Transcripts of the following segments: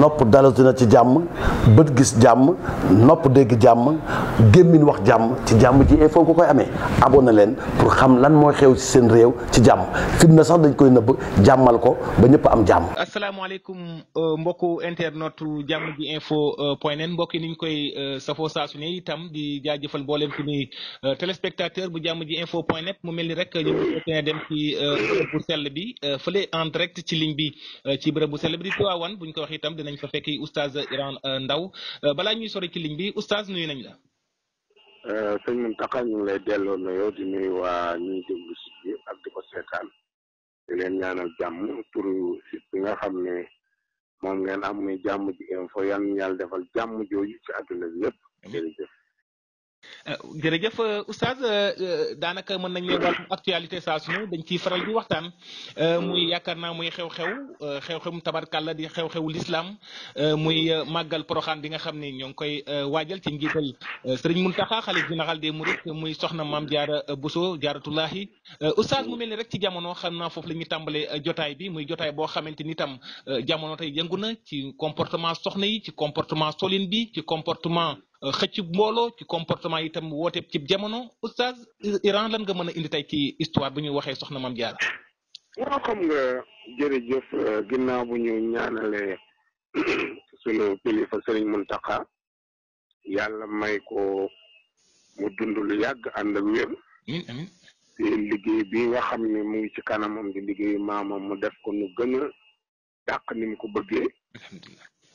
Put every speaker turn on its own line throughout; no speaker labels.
nopp dalatu na ci jàmm bët gis jàmm nopp dégg jàmm gémmiñ wax jàmm ci jàmm ji il faut nga koy amee abonné leen pour xam lan moo xew ci seen réew ci jàmm fitna sax dañ koy nëbb jàmmal ko ba ñëpp am jàmm. asalaamaaleykum euh, mbokku
internetu jàmm ji info euh, point net mbokk yi ni ñu koy euh, safoo saa su ne itam di jaajëfal mboolem suñuy téléspectateur bu jàmm ji info point net mu mel ni rek ñu ngi dem ci bërëbu sell bi fële en direct ci ligne bi ci bu ñu ko itam dinañ fa fekk oustaz Iran euh, Ndaw euh, balaa ñuy sori ci ligne bi oustaz nuyu nañ la.
Euh, sëñ Mountakha ñu ngi lay delloo nuyoo di nuyu waa ñuy déglu si bi ak di ko seetaan di leen ñaanal jàmm tur bi nga xam ne moom ngeen am muy jàmm ji info yan yàlla defal jàmm jooju ci àdduna bi yëpp
Euh, jërëjëf euh, oustaz euh, daanaka mën nañ leen wàllum actualité saa dañ ciy faral di waxtaan muy yaakaar naa muy xew-xew xew-xew tabarkàlla di xew-xewu lislaam muy màggal poroxaan bi nga xam ni ñoo ngi koy waajal ci njiital sëriñ Muntaxa xalif général des mourides muy soxna maam jaara Buso jaaratullahi oustaz mu mel ni rek ci jamono xam naa foofu la ñuy tàmbalee jotaay bi muy jotaay boo xamante ni jamono tey yëngu na ci comportement soxna yi ci comportement solin bi ci comportement xëcc mbooloo ci comportement itam woote ci jamono oustaz Iran lan nga mën indi tey ci histoire bu ñuy waxee soxna Mame Diarra.
waaw xam nga jërëjëf ginnaaw bu ñu ñaanalee sunu kilifa Serigne Mountakha yàlla may ko mu dund lu yàgg ànd ak wér. amiin liggéey bi nga xam ne mu ngi ci kanamam di liggéey maamam mu def ko nu gën dàq ni mu ko bëggee.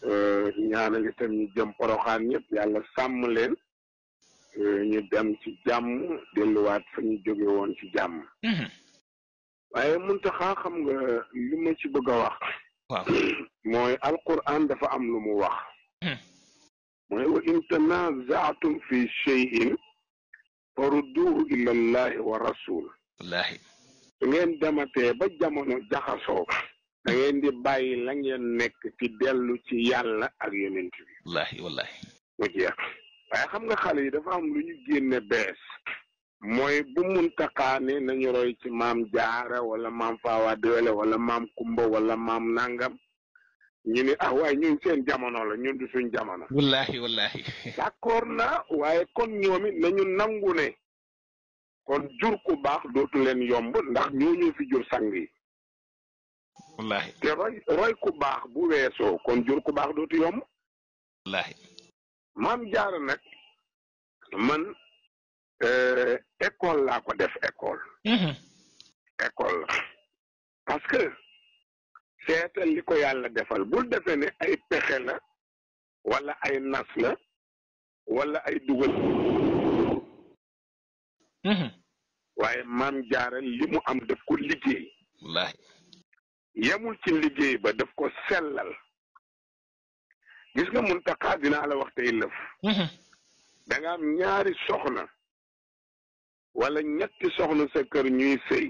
Euh, ñaanal itam ñu jëm poroxaan ñëpp yàlla sàmm leen euh, ñu dem ci jàmm delluwaat fa ñu jóge woon ci jàmm mhm. waaye muntaxaa xam nga li ma ci bëgg a wax waaw mooy alquran dafa am lu mu wax mhm. mooy wa in tanazaatum fi cheyin farudduhu ila allahi wa rasul wallaahi ngeen dematee ba jamono jaxasoo da di bàyyi la nekk ci dellu ci yàlla ak yonent
bi wallahi wallahi
mu jeex waaye xam nga xale dafa am lu ñu génne bees mooy bu muntaqaane nañu roy ci maam jaara wala maam faawa wala maam kumba wala maam nangam ñu ne ah waaye ñun seen jamono la ñun du suñ jamono
wallahi wallahi
d'accord na waaye kon ñoom it nañu nangu ne kon jur ku baax dootu leen yomb ndax ñooñu fi jur sang yi wallaahi te roy roy ku baax bu weesoo kon jur ku baax dootu yomb. wallaahi. maam jaara nag man euh, école laa ko def école. Mhm. école la parce que seetal li ko yàlla defal bul defee ne ay pexe la wala ay nas la wala ay dugal. Mhm. waaye maam jaara li mu am def ko liggéey. wallaahi. yemul ci liggéey ba daf ko sellal gis nga Muntaqa dinaa la wax tey lëf mhm. da am ñaari soxna wala ñetti soxna sa kër ñuy sëy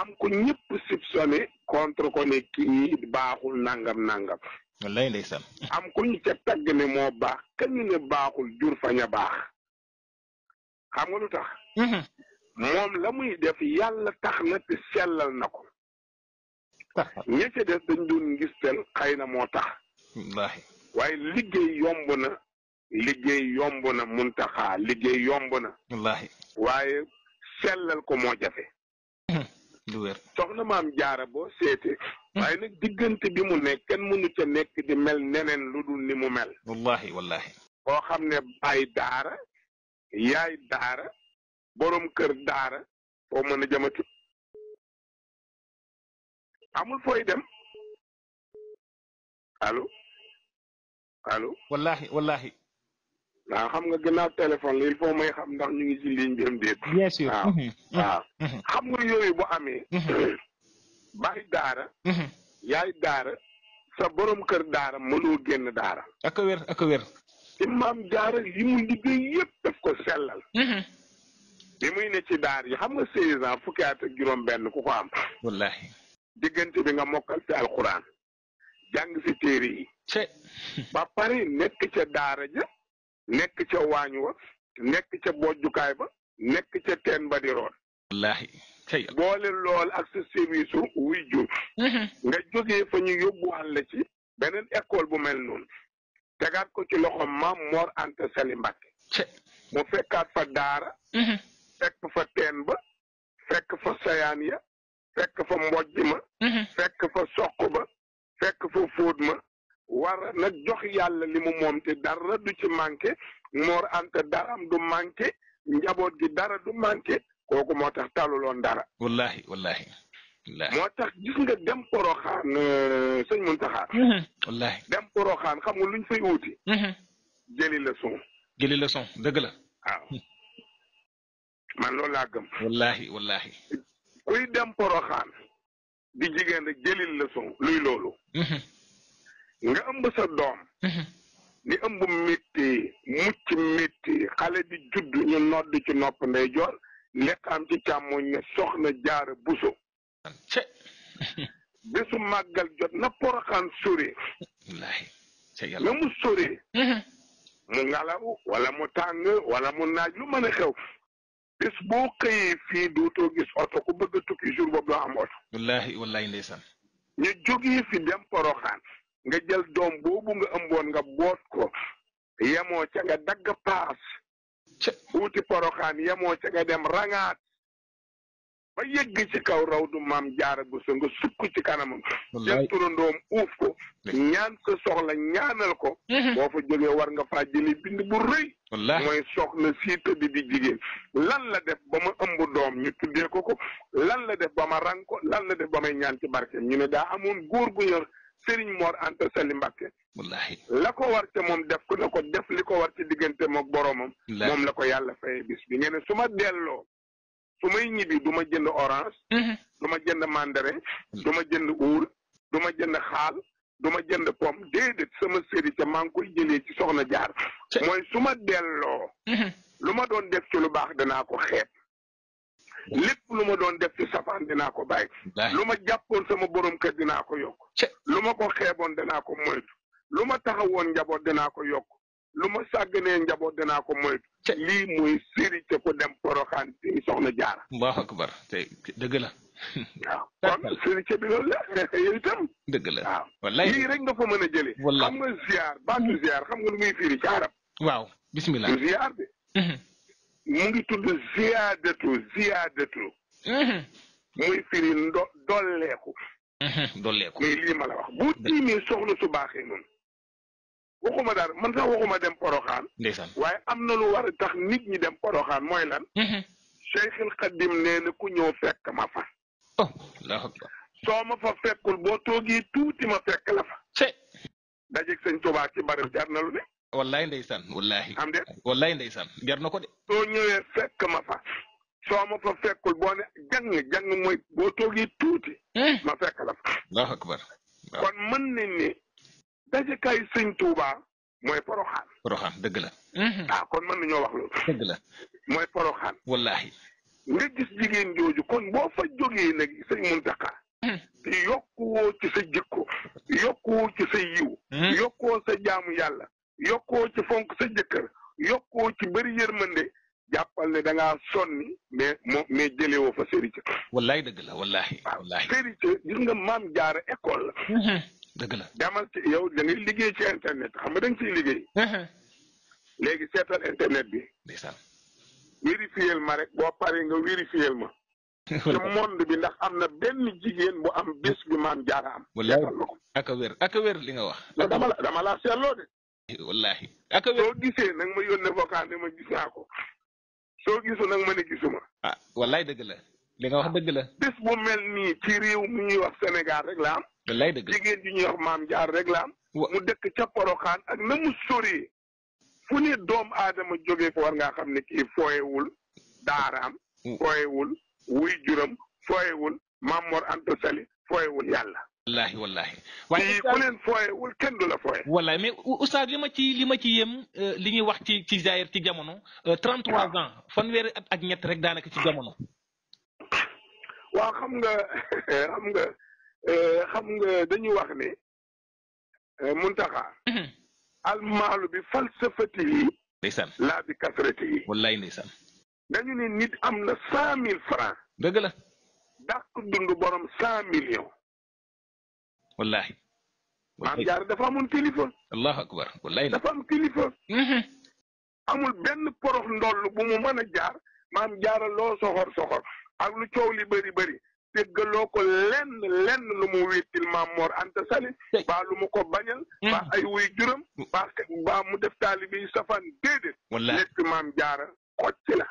am ko ñëpp soupçonné contre ko ne kii baaxul nangam nangam wallaay ndeysaan am ku ñu ca tagg ne moo baax kañu ne baaxul jur fañ a baax xam nga lu tax mhm. moom la muy def yàlla tax na te sellal na ko ña ca des dañ doon ngistal xëy na moo tax. waaye liggéey yomb na. liggéey yomb na mun muntaxaa liggéey yomb na. wallaahi waaye sellal ko moo jafe. du wér soxna maam jaara boo seete waaye nag diggante bi mu nekk kenn mënu ca nekk di mel neneen lu dul ni mu mel. wallaahi wallaahi. boo xam ne baay daara. yaay daara. borom kër daara. foo mën a jëmatu. amul fooy dem allo allo. wallaahi wallaahi. waaw ah, xam nga gannaaw téléphone la il may xam ndax ñu ngi ci ligne bi am déet. bien sûr ah, mhm. Ah. Mhm. Mhm. xam nga yooyu bu amee. bàyyi daara. yaay daara. sa borom kër daara mënoo génn daara.
ak a wér ak a wér.
imaam daara li mu liggéey yëpp daf ko sellal. li muy ne ci daar yi xam nga seize ans fukki at juróom-benn ku ko am. wallaahi. diggante bi nga mokkal ci alxuraan jàng si téere yi ba pare nekk ca daara ja nekk ca waañ wa nekk ca bojjukaay ba nekk ca teen ba di roon boole lool ak sa service wuy jur mm-hmm. nga jógee fa ñu yóbbuwaat la ci beneen école bu mel noonu tegaat ko ci loxo maam Mor Anta Sali Mbàkke mu fekkaat fa daara mm-hmm. fekk fa teen ba fekk fa sayaan ya fekk fa mbojj ma mhm. fekk fa soq ba fekk fa fóot ma war a nag jox yàlla li mu moom te dara du ci manqué moor anta daram du manqué njaboot gi dara du manqué kooku moo tax talu loon dara
wallahi wallahi
moo tax gis nga dem poroxaan euh, sëñ Muntaxa mhm. wallahi dem poroxaan xam nga luñ fay wuti mhm. jëli leçon jëli la man loolu gëm wallahi wallahi kuy dem poroxaan di jigéen rek jëlil leçon luy loolu
mhm. nga
ëmb sa doom mhm. ni ëmb métti mucc métti xale di judd ñu nodd ci nopp ndey joor lekk am ci càmmoñ ne soxna jaara buso bésu màggal jot na poroxaan sore na mu mhm. mu ngalaw wala mu tàng wala mu naaj lu mën a xew bis boo xëyee fii dootoo gis oto ku bëgg a tukki jour boobu loo am oto.
wallaahi wallaahi ndeysaan.
ñu jógee fi dem poroxaan nga jël doom boobu nga ëmboon nga boot ko yemoo ca nga dagg paas. ca wuti poroxaan yemoo ca nga dem rangaat. ba yëgg ci kaw rawdu maam jaara bu sa nga sukk ci kanamam jël turandoom uuf ko ñaan sa soxla ñaanal ko mhm. boo fa jógee war nga faa jële bind bu rëy mooy soxla sii tëdd di jigéen lan la def ba ma ëmb doom ñu tuddee ko ko lan la def ba ma rang ko lan la def ba may ñaan ci barkeem ñu ne daa amoon góor gu yor Sëriñ moor Anta Sali Mbàkke wallaahi la ko war ca moom def ko na ko def li ko war ci diggante moom boroomam moom la ko yàlla fayee bis bi ngeen ne su ma delloo su may ñibbi du ma jënd orange. Mm-hmm. du ma jënd mandarin. Mm-hmm. du ma jënd uur du jënd xaal du jënd pomme déedéet sama séri ca maa ngi koy jëlee ci soxna jaar. mooy su ma delloo. Mm-hmm. lu ma doon def ci lu baax danaa ko xeeb. lépp lu ma doon def ci safaan dinaa ko bàyyi. lu ma jàppoon sama borom kër dinaa ko yokk. lu ma ko xeeboon danaa ko moytu. lu ma taxawoon njaboot danaa ko yokk. lu ma sàgganee njaboot danaa ko moytu. lii muy siri te ko dem poroxaan te soxna jaara. allahu akbar te dëgg la. waaw kon sëriñ bi loolu la yow itam. dëgg la waaw lii rek nga fa mën a jëlee. wallaay xam nga ziar muy firi ci arab. waaw bismillah du ziar de. Mhm. mu ngi tudd ziyaadatu ziyaadatu. Mhm. muy firi ndo dolleeku.
Mhm, dolleeku muy lii
ma la wax bu tiimee soxna su baaxee noonu. waxuma dara man sax waxuma dem poroxaan waaye am na lu war a tax nit ñi dem poroxaan mooy lan mm-hmm. Cheikhul Xadim nee na ku ñëw fekk ma fa
oh Allahu akbar
soo ma fa fekkul boo toogee tuuti ma fekk la fa dajeeg sëñ Tuubaa ci bari jar na lu ne
wallaay ndeysaan wallaay am de wallaay ndeysaan jar na ko de
soo ñëwee fekk ma fa soo ma fa fekkul boo ne jàng jàng mooy boo toogee tuuti hmm? ma fekk la fa Allahu akbar kon mën nañ ne dajekay sëñ Touba mooy poroxaan. poroxaan dëgg la. Mhm. ah kon nañoo wax mooy poroxaan. wallaahi. nga gis jigéen jooju kon boo fa jógee nag sëñ Muntaxa. te mhm. yokkuwoo ci sa jikko. yokkuwoo ci sa yiw. Mhm. yokkuwoo sa jaamu yàlla. yokkoo ci fonk sa jëkkër. yokkoo ci bëri yërmande. jàppal ne da ngaa sonni mais moo mais jëlee woo fa sëriñ.
dëgg la wallaahi.
wallaahi sëriñ gis nga maam jaara école
la. dëgg la
demal ci yow da liggéey ci internet xam ba da nga liggéey. léegi seetal internet bi. ndeysaan. vérifier ma rek boo paree nga vérifier ma. ci monde bi ndax am na benn jigéen bu am bés bi maam jaara am. wallaahi ak a wér li nga wax. dama la dama de.
wallaahi
ak a wér soo gisee nag ma yónnee vocal ma gis naa ko soo gisu nag ma ne gisuma. ah wallaahi dëgg
li nga wax dëgg la.
bis bu mel nii ci réew mi ñuy wax Sénégal rek la am. lay dëgg jigéen ji ñuy wax maam jaar rek la mu dëkk ca Poroxaan ak na mu sori fu ne doom aadama jógee fa war ngaa xam ne kii fooyewul daaraam. Mm. fooyewul wuy juram fooyewul Maam Mor Anta Sali fooyewul yàlla.
wallaahi wallaahi.
waaye ku leen fooyewul kenn du la fooye.
wallaahi mais oustaz li ma ci li ma ci yem euh, li ñuy wax ci ci zaahir ci jamono. 33 euh, fan fanweeri at ak ñett rek daanaka ci
jamono. waaw xam nga xam nga eh, xam nga dañuy wax ne eh, muntaxa mhm. almaalu bi falsafati yi ndeysaan laa bi kasrati yi wallaay ndeysaan dañu ne nit am na cent mille francs dëgg la dàq dund borom cent millions wallahi maam jaar dafa amoon kilifa allahu akbar wallahi dafa am kilifa mhm. amul benn porox ndoll bu mu mën a jaar maam jaara loo soxor soxor ak lu coow li bëri bëri déggaloo ko lenn lenn lu mu wéetil maam Mor Anta Sali baa lu mu ko bañal hmm. baa ay wuy juram hmm. baa mu def taalibe yi safaan déedéet lépp maam jaara xooj ci
la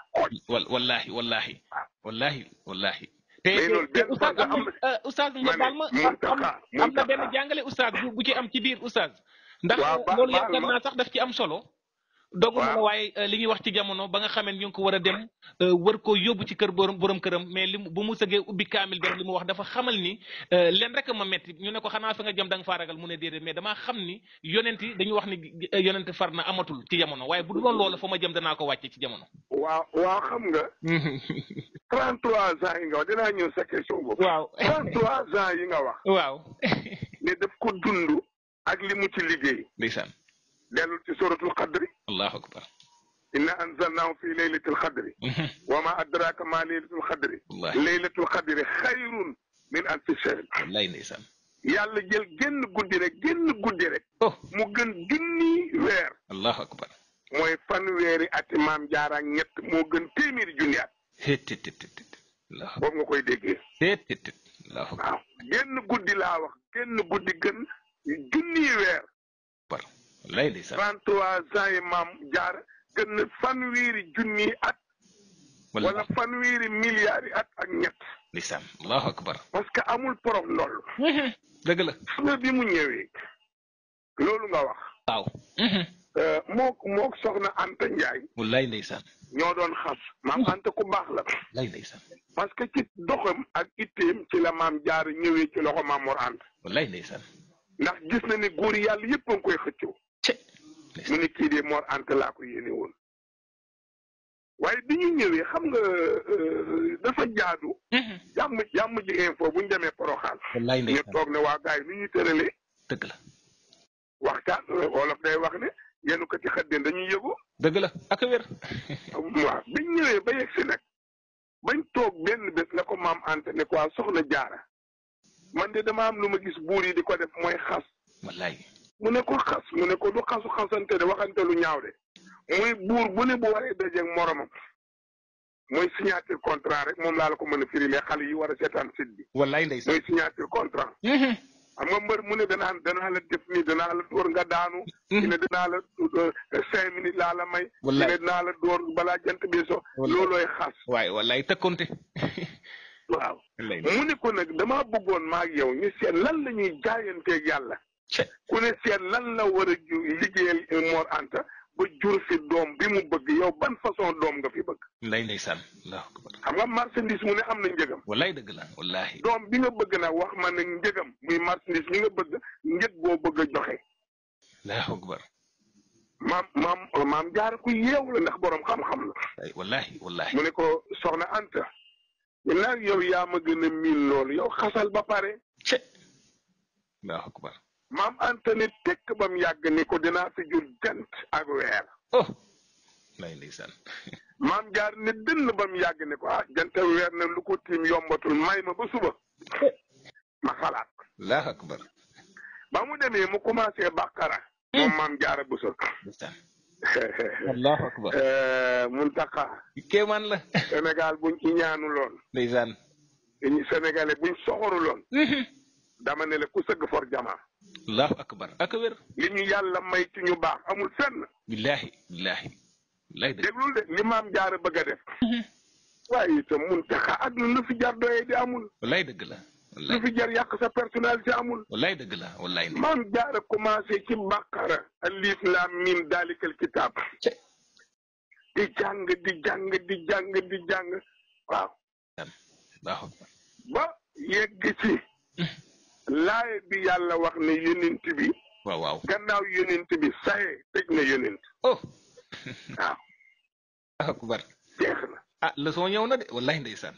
xooj wallahi wallahi ah. wallahi wallahi te te
oustaz am na euh, oustaz nga baal ma
am na benn jàngale oustaz bu ci am ci biir oustaz ndax loolu yaakaar naa sax daf ci am solo doogu ma waaye euh, li ñuy wax ci jamono ba nga xamee ñu ngi ko war a dem euh, war koo yóbbu ci kër borom boroom këram mais li mu bu mu sëgee ubbi kaamil bi mu wax dafa xamal ni euh, leen rek ma metti ñu ne ko xanaa fa nga jëm da nga faa mu ne déedéet mais xam ni yonent yi dañu wax ni yonent far na amatul ci jamono waaye bu doon loola fa ma jëm danaa ko wàcce ci jamono
waaw waaw xam nga trente trois ans yi nga wax dinaa ñëw sa question boobu waaw trente trois ans yi nga wax waaw ne daf ko dund ak li mu ci liggéey ndeysaan dellul ci suratul qadri akbar inna anzalnaahu fi laylatil qadri mhm. wa ma adraka ma laylatul qadri laylatul qadri xayrun yàlla jël genn guddi rek génn guddi rek oh. mu gën junni weer allahu akbar mooy fanweeri ati maam jaara ak ñett moo gën téeméeri junni at nga koy déggee tëttëtt waaw guddi laa wax génn guddi gën junni weer lay di sax 33 ans yi maam jaar gën na fanweeri junni at. wala fanweeri milliards yi at ak ñet li sax allahu akbar. parce que amul porof ndoll. dëgg la. su nga bi mu ñëwee. loolu nga wax. waaw. Euh, mook mook soxna Anta Ndiaye.
walaay ndeysaan.
ñoo doon xas. maam Anta ku baax la. lay ndeysaan. parce que ci doxam ak itteem ci la maam jaar ñëwee ci loxo maam Mor Anta. walaay ndeysaan. ndax gis na ne góor yàlla yëpp a ngi koy xëccoo. mu ne kii de Mor Anta laa ko yéene woon. waaye bi ñu ñëwee xam nga euh, dafa jaadu. Mm-hmm. jàmm jàmm ji info bu ñu demee Porokhane. wallaay ñu toog ne waa gaa yi nu ñuy tëralee. dëgg la. waxtaan wolof day wax ne yéen ko ci xaddeen dañuy yëgu. dëgg la ak wér. waaw bi ñëwee ba yegg nag bañ toog benn bés la ko maam Anta ne quoi soxna jaara man de dama am lu ma gis buur yi di ko def mooy xas. mu ne ko xas mu ne ko du xasu xasante de waxante lu ñaaw de muy buur bu ne bu waree dajeeg moromam mooy signature contrat rek moom laa la ko mën a firi xale yi war a seetaan site bi. wallaay ndeysaan mooy signature contrat. xam mm-hmm. nga mbër mu ne danaa danaa la def nii danaa la door nga daanu. Mm-hmm. ki ne danaa la euh, may. wallaay ki ne danaa la door balaa jant bi so. loolooy xas.
waay wallaay tëkkonte. waaw. mu ne
ko nag damaa bëggoon maa yow ñu seet lan la ñuy jaayanteeg yàlla. ku ne seet lan la war a liggéeyal Mor Anta ba jur fi doom bi mu bëgg yow ban façon doom nga fi bëgg.
lay ndeysaan allahu
xam nga marchandise mu ne am na njëgam.
wallaay dëgg la wallaahi.
doom bi nga bëgg na wax man na njëgam muy marchandise mi nga bëgg njëg boo bëgg a joxe. allahu akbar. maam maam maam jaar ku yeewu la ndax boroom xam-xam la.
wallaahi wallaahi. mu
ne ko soxna Anta. ginnaaw yow yaa ma gën a miin loolu yow xasal ba pare. allahu akbar. maam Anta ne ba mu yàgg ni ko dinaa fi jur jant ak weer. oh maam jaar ne dënn ba mu yàgg ni ko ah jant ak weer na lu ko tiim yombatul may ma ba suba. ma xalaat. allahu akbar. ba mu demee mu commencé bàqara. moom hmm. maam jaara bu sot.
allahu akbar.
Eh, Muntaka. kéemaan la. Sénégal buñ ci ñaanu loon. ndeysaan. Sénégalais buñ soxoru loon. Hmm. dama ne la ku sëgg for jamaa.
allahu akbar
ak li ñu yàlla may ci ñu baax amul fenn. billaahi billaahi. lay dégg déglul de li maam jaara bëgg a def. waaye itam mun taxa àdduna fi jar doyee di amul.
wallaay dëgg la. lu fi
jar yàq sa personnalité amul.
wallaay dëgg la wallaay. maam
jaara commencé ci bàqara. alif laam miim daalikal kitaab. di jàng di jàng di jàng di jàng waaw. ba yegg ci. Hmm. laay bi yàlla wax ne yonent bi. waaw waaw gannaaw yonent bi saye tëj na yonent. oh.
waaw. akbar. jeex na. ah leçon ñëw na de wallahi
ndeysaan.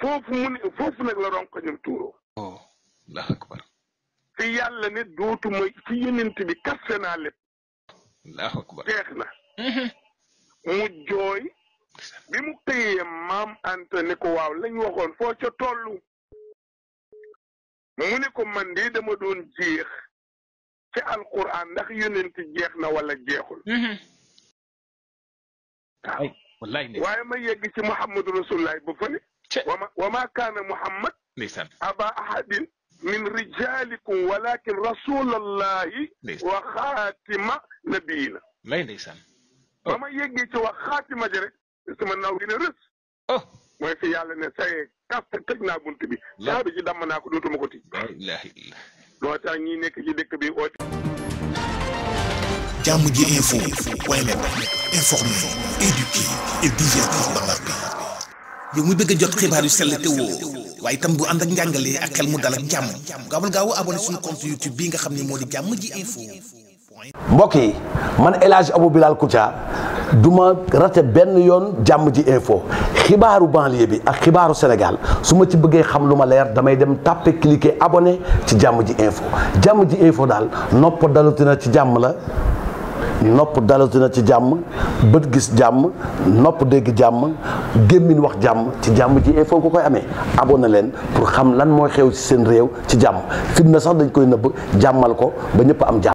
foofu mu ne foofu nag la ronko ñoom tuuroo. oh allah akbar. fi yàlla ne dootu mooy fi yonent bi kasse naa lépp.
allah akbar
jeex na. Mhm. mu jooy. bi mu xëyee maam Anta ne ko waaw lañ waxoon foo ca tollu. mu ni ko man de dama doon jeex ci alquran ndax yonent jeex na wala jeexul mhm.
waaw waaye
ma yegg ci muhammadu rasulullah ba fële wama wa ma kaana muhammad aba ahadin min rijalikum walakin rasulallahi wa xaatima nabiyina lay ndeysaan ba ma yeggee ci wax xaatima ji rek sama naw gi ne rës oh. mooy fi yàlla ne sayee kàpp teg nekk ci dëkk bi oote.
jàmm ji info point bu ànd ak njàngalee ak bii nga xam ne moo di jàmm ji info. mbokk yi man El Hadj Abou Bilal Koutia du ma benn yoon jàmm ji info. xibaaru banlieue bi ak xibaaru Sénégal su ma ci bëggee xam lu ma leer damay dem tàppe cliquer abone ci jàmm ji info jàmm ji info daal nopp dalutina ci jàmm la nopp dalutina ci jàmm bët gis jàmm nopp dégg jàmm gémmiñ wax jàmm ci jàmm ji info nga koy amee abonné leen pour xam lan mooy xew ci seen réew ci jàmm fitna sax dañ koy nëbb jàmmal ko ba ñëpp am jàmm